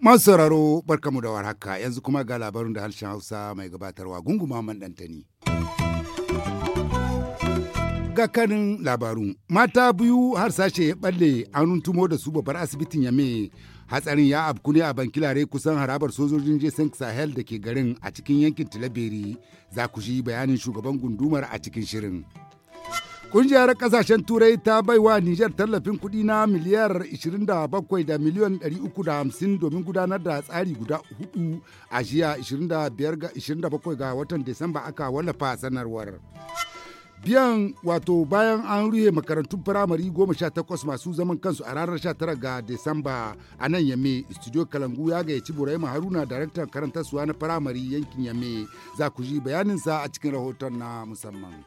Masu sauraro barkamu da haka yanzu kuma ga labarin da harshen Hausa mai gabatarwa gunguma man ɗantani. ga kanin labaru mata biyu har sashe ya balle an tumo da su babbar asibitin yame hatsarin ya afku ne a bankilare kusan harabar sojojin jason sahel da ke garin a cikin yankin tilaberi za ku shi bayanin shugaban gundumar a cikin shirin kungiyar kasashen turai ta bai wa nijar tallafin kudi na miliyar 27 da miliyan 350 domin gudanar da tsari guda hudu a jiya 27 ga watan desamba aka wallafa sanarwar biyan wato bayan an rufe makarantun firamare goma sha takwas masu zaman kansu a ranar sha tara ga Desamba a nan Yame, Studio Kalangu ya gayyaci Burahima Haruna daraktan karantarsuwa na firamare yankin Yame. Za ku ji bayaninsa a cikin rahoton na musamman.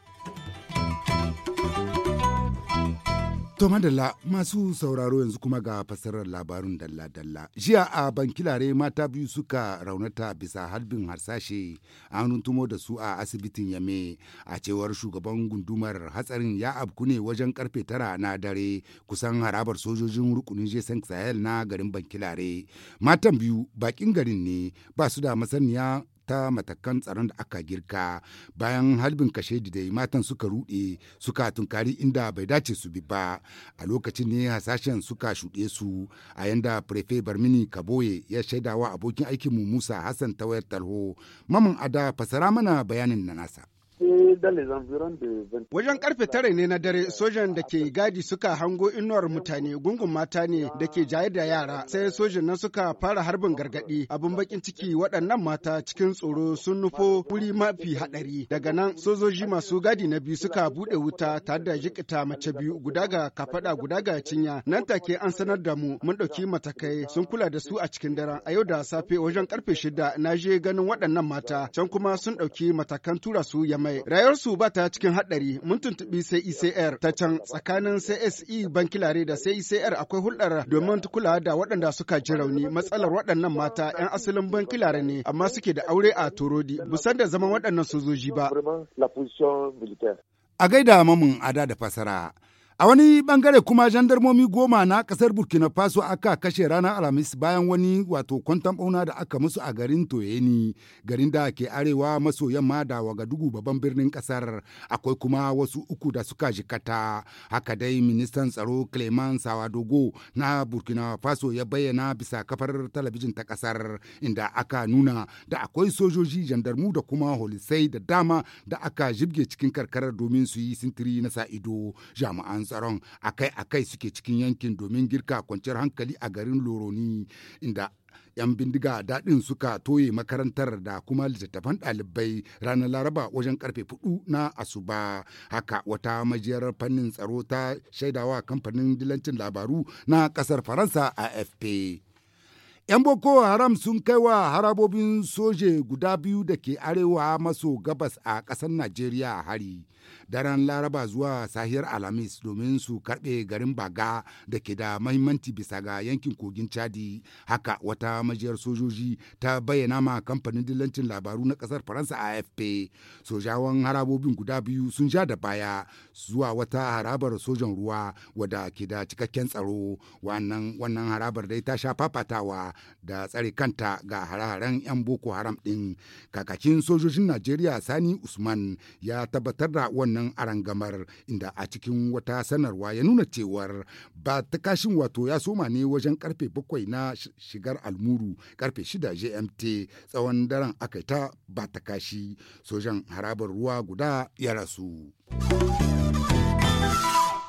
To madalla masu sauraro yanzu kuma ga fasarar labarun dalla-dalla. Jiya a bankilare mata biyu suka raunata bisa harbin harsashe an tumo da su a asibitin Yame a cewar shugaban gundumar hatsarin ya abku ne wajen karfe tara na dare kusan harabar sojojin rukunin jesan sahel na garin bankilare. Matan biyu bakin garin ne ba su da masaniya ta matakan tsaron da aka girka bayan halbin kashe da matan suka rude suka tunkari inda bai dace su bi ba a lokacin ne hasashen suka shuɗe su a yanda prefe barmini kaboye ya shaidawa abokin aikinmu musa hassan tawayar talho maman ada fasara mana bayanin na nasa. Wajen karfe tare ne na dare sojan da ke gadi suka hango inuwar mutane gungun mata ne da ke jaye da yara sai sojan nan suka fara harbin gargadi abin bakin ciki waɗannan mata cikin tsoro sun nufo wuri mafi haɗari daga nan sojoji masu gadi na biyu suka buɗe wuta tare da jikita mace biyu guda ga kafaɗa guda ga cinya nan take an sanar da mu mun ɗauki matakai sun kula da su a cikin daren a yau da safe wajen karfe shida na je ganin waɗannan mata can kuma sun ɗauki matakan tura su ya mai rayuwarsu ba ta cikin haɗari mun tuntuɓi CICR e ta can tsakanin CSE bankilare da CICR e akwai hulɗar domin kulawa da waɗanda suka ji rauni matsalar waɗannan mata 'yan asalin bankilare ne amma suke da aure a Torodi busan da zaman waɗannan sojoji ba. A gaida mamun ada da fasara. A wani bangare kuma jandarmomi goma na kasar Burkina Faso aka kashe ranar Alhamis bayan wani wato kwantan bauna da aka musu a garin Toyeni, garin da ke arewa maso yamma da waga Wagadugu babban birnin kasar. Akwai kuma wasu uku da suka jikata. Haka dai ministan tsaro Clement Sawadogo na Burkina Faso ya bayyana bisa kafar talabijin ta kasar inda aka nuna da akwai sojoji jandarmu da kuma holisai da dama da aka jibge cikin karkarar domin su yi sintiri na sa ido jami'an tsaron akai-akai suke cikin yankin domin girka kwanciyar hankali a garin Loroni inda 'yan bindiga daɗin suka toye makarantar da kuma littattafan ɗalibai ranar laraba wajen karfe fudu na asuba haka wata majiyar fannin tsaro ta shaidawa kamfanin dilancin labaru na ƙasar faransa afp 'yan boko haram sun kai wa harabobin soje guda biyu da ke arewa maso gabas a ƙasar najeriya hari daren laraba zuwa sahiyar alhamis domin su karbe garin baga da ke da mahimmanci bisa ga yankin kogin chadi haka wata majiyar sojoji ta bayyana ma kamfanin dillancin labaru na kasar faransa afp sojawan harabobin guda biyu sun ja da baya zuwa wata harabar sojan ruwa wadda ke da cikakken tsaro wannan wannan harabar dai ta sha fafatawa da tsare kanta ga hare 'yan boko haram ɗin kakakin sojojin najeriya sani usman ya tabbatar da wannan wannan arangamar inda a cikin wata sanarwa ya nuna cewar ba ta kashin wato ya soma ne wajen karfe bakwai na shigar almuru karfe shida gmt tsawon daren aka ta ba ta kashi sojan harabar ruwa guda ya rasu.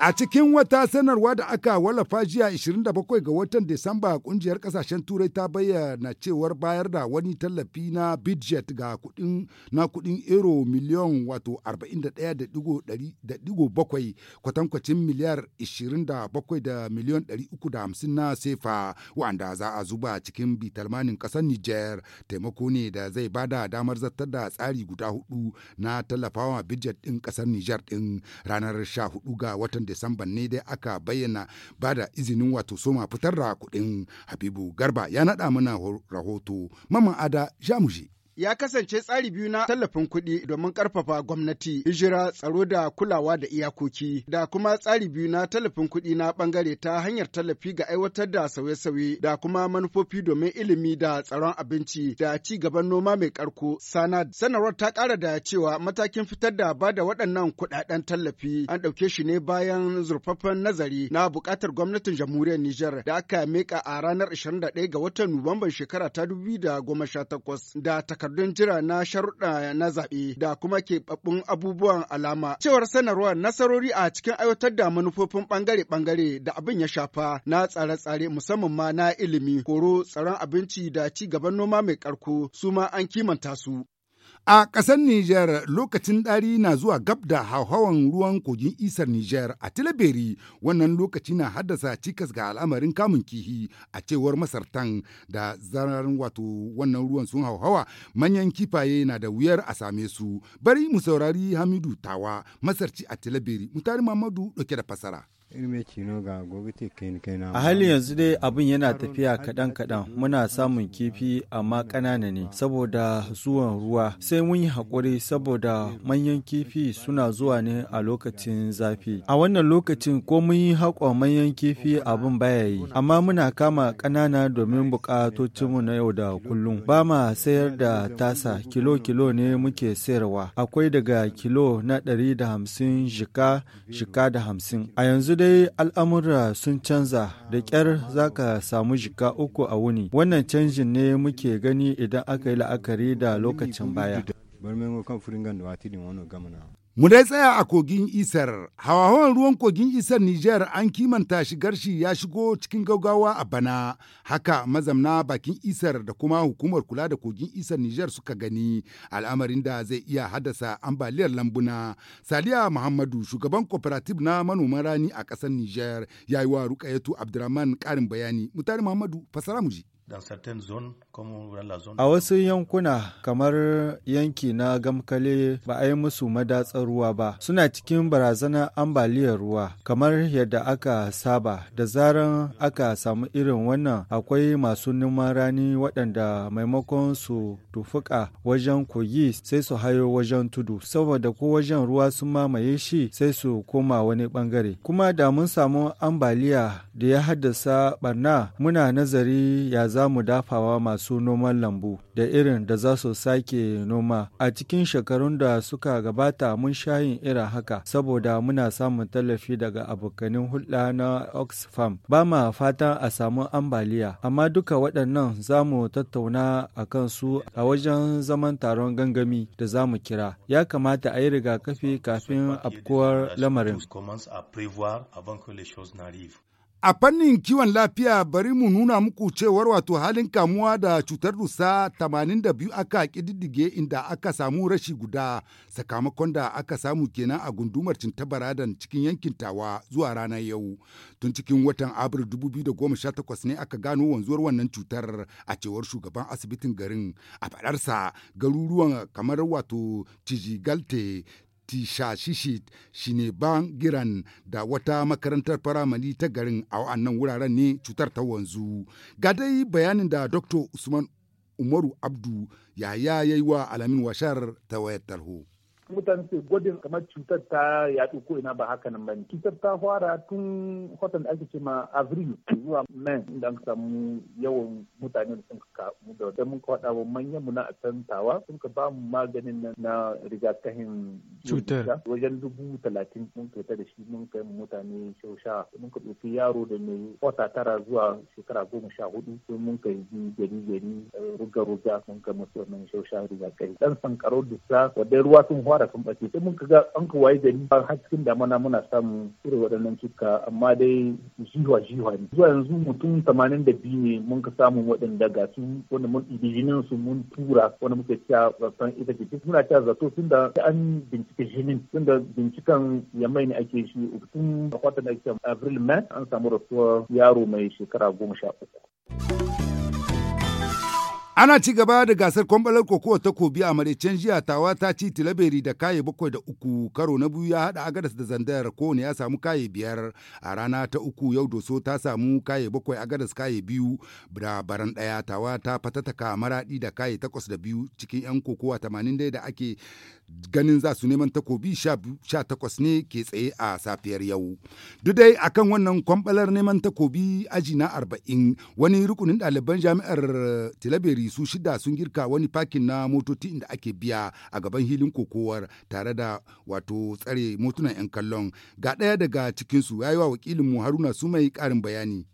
A cikin wata sanarwa da aka wallafa jiya 27 ga watan Disamba kungiyar kasashen Turai ta bayyana cewar bayar da wani tallafi na budget ga kudin na kudin euro miliyan wato 41.7 kwatankwacin miliyar 27 da miliyon 350 na sefa wa'anda za a zuba cikin bitalmanin kasar Niger taimako ne da zai bada damar zartar da tsari guda hudu na tallafawa budget din kasar Niger din ranar 14 ga watan Disamba ne dai aka bayyana ba da izinin wato soma fitar da kuɗin Habibu Garba ya naɗa mana rahoto Mama Ada Jamuji. ya kasance tsari biyu na tallafin kuɗi domin ƙarfafa gwamnati, hijira, tsaro da kulawa da iyakoki, da kuma tsari biyu na tallafin kuɗi na ɓangare ta hanyar tallafi ga aiwatar da sauye-sauye da kuma manufofi domin ilimi da tsaron abinci da ci gaban noma mai ƙarko. sanad sanarwar ta ƙara da cewa matakin fitar da ba da waɗannan kuɗaɗen tallafi an ɗauke shi ne bayan zurfaffen nazari na buƙatar gwamnatin jamhuriyar Nijar da aka miƙa a ranar 21 ga watan Nuwamban shekara ta 2018 da ta takardun jira na sharuɗa na zaɓe da kuma keɓaɓɓun abubuwan alama. Cewar sanarwar nasarori a cikin aiwatar da manufofin ɓangare-ɓangare da abin ya shafa na tsare-tsare musamman ma na ilimi, horo, tsaron abinci da ci gaban noma mai ƙarko su ma an kimanta su. A ƙasar Nijar lokacin ɗari na zuwa gab da hauhawan ruwan kogin isar Nijar a Tilaberi wannan lokaci na haddasa cikas ga al'amarin kamun kihi a cewar masartan da zarar wato wannan ruwan sun hauhawa manyan kifaye na da wuyar a same su. Bari mu saurari Hamidu Tawa masarci a Tilaberi mutari Muhammadu ɗauke da fasara. A halin yanzu dai abin yana tafiya kaɗan-kaɗan muna samun kifi amma ƙanana ne saboda zuwan ruwa sai mun yi haƙuri saboda manyan kifi suna zuwa ne a lokacin zafi. A wannan lokacin ko mun yi haƙo manyan kifi abin baya yi amma muna kama ƙanana domin buƙatocinmu na yau da kullum. Ba ma sayar da tasa kilo-kilo ne muke sayarwa akwai daga kilo na ɗari da hamsin shika shika da hamsin. A yanzu dai al'amura sun canza da ƙyar za ka samu jika uku a wuni. Wannan canjin ne muke gani idan aka yi la'akari da lokacin baya. Mu dai tsaya a kogin Isar, hawa-hawan ruwan kogin Isar Nijar an kimanta shigar shi ya shigo cikin gaugawa a bana, haka mazamna bakin Isar da kuma hukumar kula da kogin Isar Nijar suka gani al'amarin da zai iya haddasa ambaliyar lambuna. Saliya Muhammadu, shugaban cooperative na manoman rani a ƙasar Nijar, ya yi wa Rukayatu Abdurrahman ƙarin bayani. Mutane Muhammadu, fasara mu ji. A wasu yankuna kamar yanki na Gamkale ba a yi musu madatsar ruwa ba, suna cikin barazanar ambaliyar ruwa kamar yadda aka saba da zaran aka samu irin wannan akwai masu neman rani waɗanda maimakon su tufuka wajen kogi sai su hayo wajen tudu saboda ko wajen ruwa sun mamaye shi sai su koma wani bangare. Kuma da mun samu ambaliya da ya haddasa barna muna nazari ya za za mu dafawa masu noman lambu da irin da za su sake noma. A cikin shekarun da suka gabata mun sha yin irin haka saboda muna samun tallafi daga abokanin hulɗa na Oxfam. Ba ma fatan a samu ambaliya, amma duka waɗannan za mu tattauna a kansu a wajen zaman taron gangami da za mu kira. Ya kamata a yi rigakafi kafin afkuwar lamarin. A fannin kiwon lafiya bari mu nuna muku cewar wato halin kamuwa da cutar rusa 82 aka kididdige inda aka samu rashi guda sakamakon da aka samu kenan a gundumar cintabaradan cikin yankin tawa zuwa ranar yau. Tun cikin watan Abril 2018 ne aka gano wanzuwar wannan cutar a cewar shugaban asibitin garin a fadarsa garuruwan kamar wato Cijigalte, shi ne ban giran da wata makarantar faramani ta garin a wannan wuraren ne cutar ta wanzu ga dai bayanin da dr usman umaru abdu yaya ya yi wa alamin washar ta wayar tarho mutane su gwadin kamar cutar ta yaɗu ko ina ba haka nan bane cutar ta fara tun watan da ake ce ma avril zuwa mai inda an samu yawan mutane da sun kamu da wata mun kwaɗa wa manyan mu na a can tawa sun ka ba mu maganin nan na rigakafin cutar wajen dubu talatin mun fita da shi mun kai mutane sha mun ka ɗauki yaro da mai kwata tara zuwa shekara goma sha hudu sai mun ka yi gari gari ruga ruga mun ka musu wannan sha rigakafi dan sankarau dusa wadda ruwa sun fara fara kan bace sai mun kaga an ka waye gari har cikin damana muna samun irin waɗannan cuka amma dai jiwa jiwa ne zuwa yanzu mutum tamanin da biyu ne mun ka samu waɗanda ga su wanda mun jinin su mun tura wanda muka cewa zaton ita ce duk muna cewa zato da an bincike jinin bincikan bincikan yamai ne ake shi tun a kwatan da ake abril mai an samu rasuwar yaro mai shekara goma sha uku. Ana ci gaba da gasar kwambalar kokowa ta kobi a maraicen jiya tawa ta ci tilaberi da kaye bakwai da uku karo na biyu ya haɗa agadas da zandar kowane ya samu kaye biyar a rana ta uku yau doso ta samu kaye bakwai agadas kaye biyu da baran ɗaya tawa ta fatataka maradi da kaye takwas da biyu cikin 'yan kokowa tamanin da ake ganin za su neman takobi sha takwas ne ke tsaye a safiyar yau duk dai akan wannan kwambalar neman takobi aji na arba'in wani rukunin ɗaliban jami'ar tilaberi su shida sun girka wani fakin na motoci inda ake biya a gaban hilin kokowar tare da wato tsare motunan 'yan kallon ga ɗaya daga cikinsu ya yi wa wakilinmu haruna su mai ƙarin bayani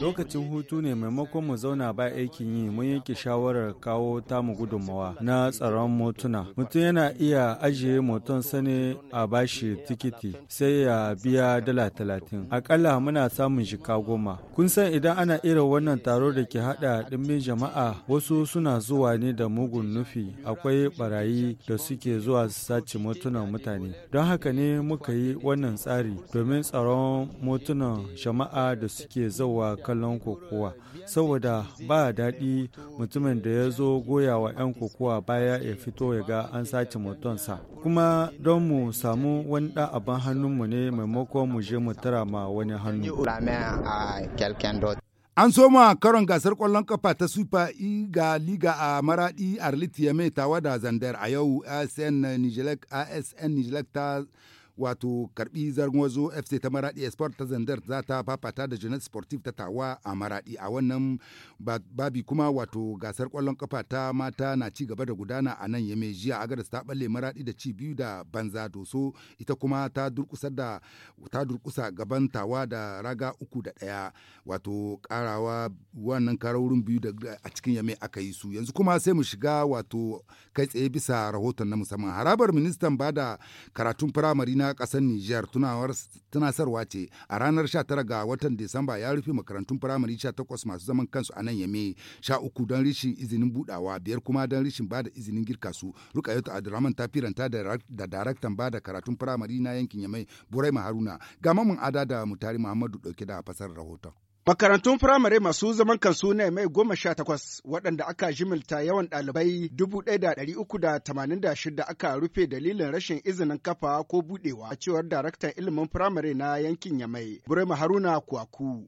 Lokacin hutu ne maimakon mu zauna ba aikin yi mun yanke shawarar kawo tamu gudunmawa na tsaron motuna. Mutum yana iya ajiye moton sani a bashi tikiti sai ya biya dala talatin. Akalla muna samun shika goma. Kun san idan ana irin wannan taro da ke hada dimbin jama'a wasu suna zuwa ne da mugun nufi akwai barayi da suke zuwa su sace motunan mutane. Don haka ne muka yi wannan tsari domin tsaron motunan jama'a da suke zauwa kallon kokowa saboda ba daɗi mutumin da ya zo goya wa 'yan kokowa baya ya fito ya ga an sace sa kuma don mu samu wani ɗan abin hannunmu ne maimakon mu je mu tara ma wani hannu An soma karon gasar kwallon kafa ta Super E ga Liga a Maraɗi Arlit Yame tawa da Zandar a yau ASN Nijilek ta wato karbi wazo fc ta maradi sport ta zandar za ta fafata da janet sportif ta tawa a maradi a wannan babi kuma wato gasar kwallon kafa ta mata na ci gaba da gudana a nan yame jiya gadas ta balle maradi da ci biyu da banza doso ita kuma ta durkusa gaban tawa da raga uku da ɗaya wato karawa wannan karorin biyu da a cikin yame aka yi su yanzu kuma sai mu shiga wato kai tsaye bisa rahoton na musamman harabar ministan bada karatun firamare na na ƙasar Nijar sarwa ce a ranar 19 ga watan Disamba ya rufe makarantun firamare 18 masu zaman kansu a nan Yame, 13 don rishin izinin budawa, biyar kuma don rishin bada izinin girka su. ruka Abdulrahman ta firanta da daraktan bada karatun firamare na yankin Yame, Burai Haruna, ga mamun ada da Mutari Muhammadu dauke da fasar rahoton. Makarantun firamare masu zaman kansu ne mai goma sha takwas waɗanda aka jimilta yawan ɗalibai dubu ɗaya da ɗari uku da tamanin da shida aka rufe dalilin rashin izinin kafa ko buɗewa a cewar daraktan ilimin firamare na yankin Yamai, Burema Haruna Kwaku.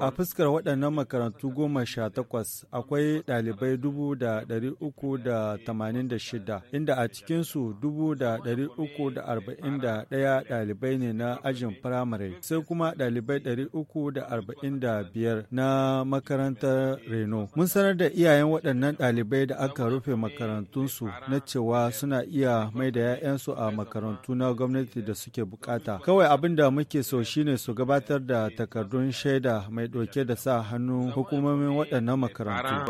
A fuskar waɗannan makarantu goma sha takwas akwai ɗalibai dubu da ɗari uku da tamanin da shida inda a cikinsu dubu da ɗari uku da arba'in da ɗaya ɗalibai ne na ajin firamare sai kuma ɗalibai ɗari uku biyar na makarantar Reno. Mun sanar da iyayen waɗannan ɗalibai da aka rufe makarantunsu na cewa suna iya mai da 'ya'yansu a makarantu na gwamnati da suke bukata. Kawai abin da muke so shine su gabatar da takardun shaida mai ɗauke da sa hannun hukumomin waɗannan makarantu.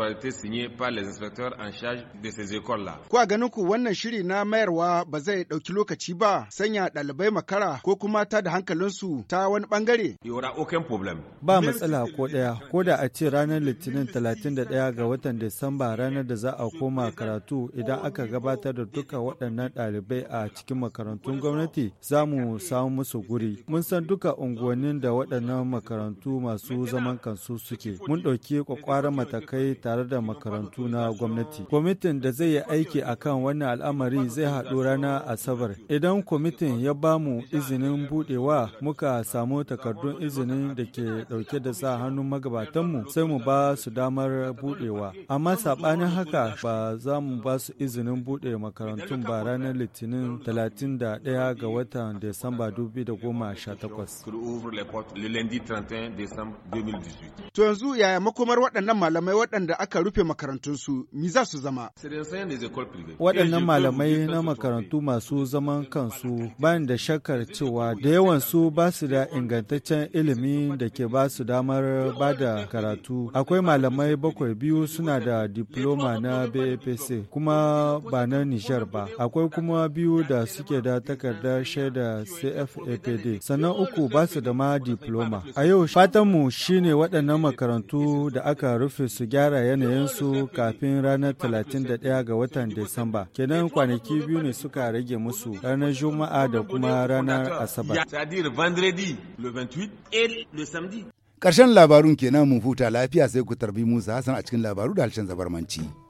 Ko a ganin ku wannan shiri na mayarwa ba zai ɗauki lokaci ba sanya ɗalibai makara ko kuma ta da hankalinsu ta wani ɓangare. problem. Ba matsala ko ɗaya, ko da a ce ranar Litinin 31 ga watan Disamba ranar da za a koma karatu idan aka gabatar da duka waɗannan ɗalibai a cikin makarantun gwamnati za mu samu musu guri. Mun san duka unguwannin da waɗannan makarantu masu zaman kansu suke. Mun ɗauki ƙwaƙwaran matakai tare da makarantu na gwamnati. Kwamitin da zai yi aiki a kan wannan al'amari zai haɗu ranar Asabar. Idan kwamitin ya ba mu izinin buɗewa muka samu takardun izinin da ke dauke da sa hannun magabatanmu sai mu ba su damar budewa. Amma sabanin haka ba za mu ba su izinin bude makarantun ba ranar Litinin 31 ga watan Desamba 2018. To yanzu yaya makomar waɗannan malamai waɗanda aka rufe makarantunsu, mi za su zama? Waɗannan malamai na makarantu masu zaman kansu bayan da shakar cewa da yawan su ba su da ingantaccen ilimi da da ke ba su damar ba da karatu. Akwai malamai bakwai biyu suna da diploma na BAPC kuma ba na Nijar ba. Akwai kuma biyu da suke da takardar shaida CFAPD. Sannan uku ba su da ma diploma. A yau fatanmu shine waɗannan makarantu da aka rufe su gyara yanayinsu kafin ranar 31 ga watan Disamba. Kenan kwanaki biyu ne suka rage musu ranar Juma'a da kuma ranar Asabar. karshen Ƙarshen labarun kenan mun huta lafiya sai ku tarbi Musa Hassan a cikin labaru da halshen zabarmanci.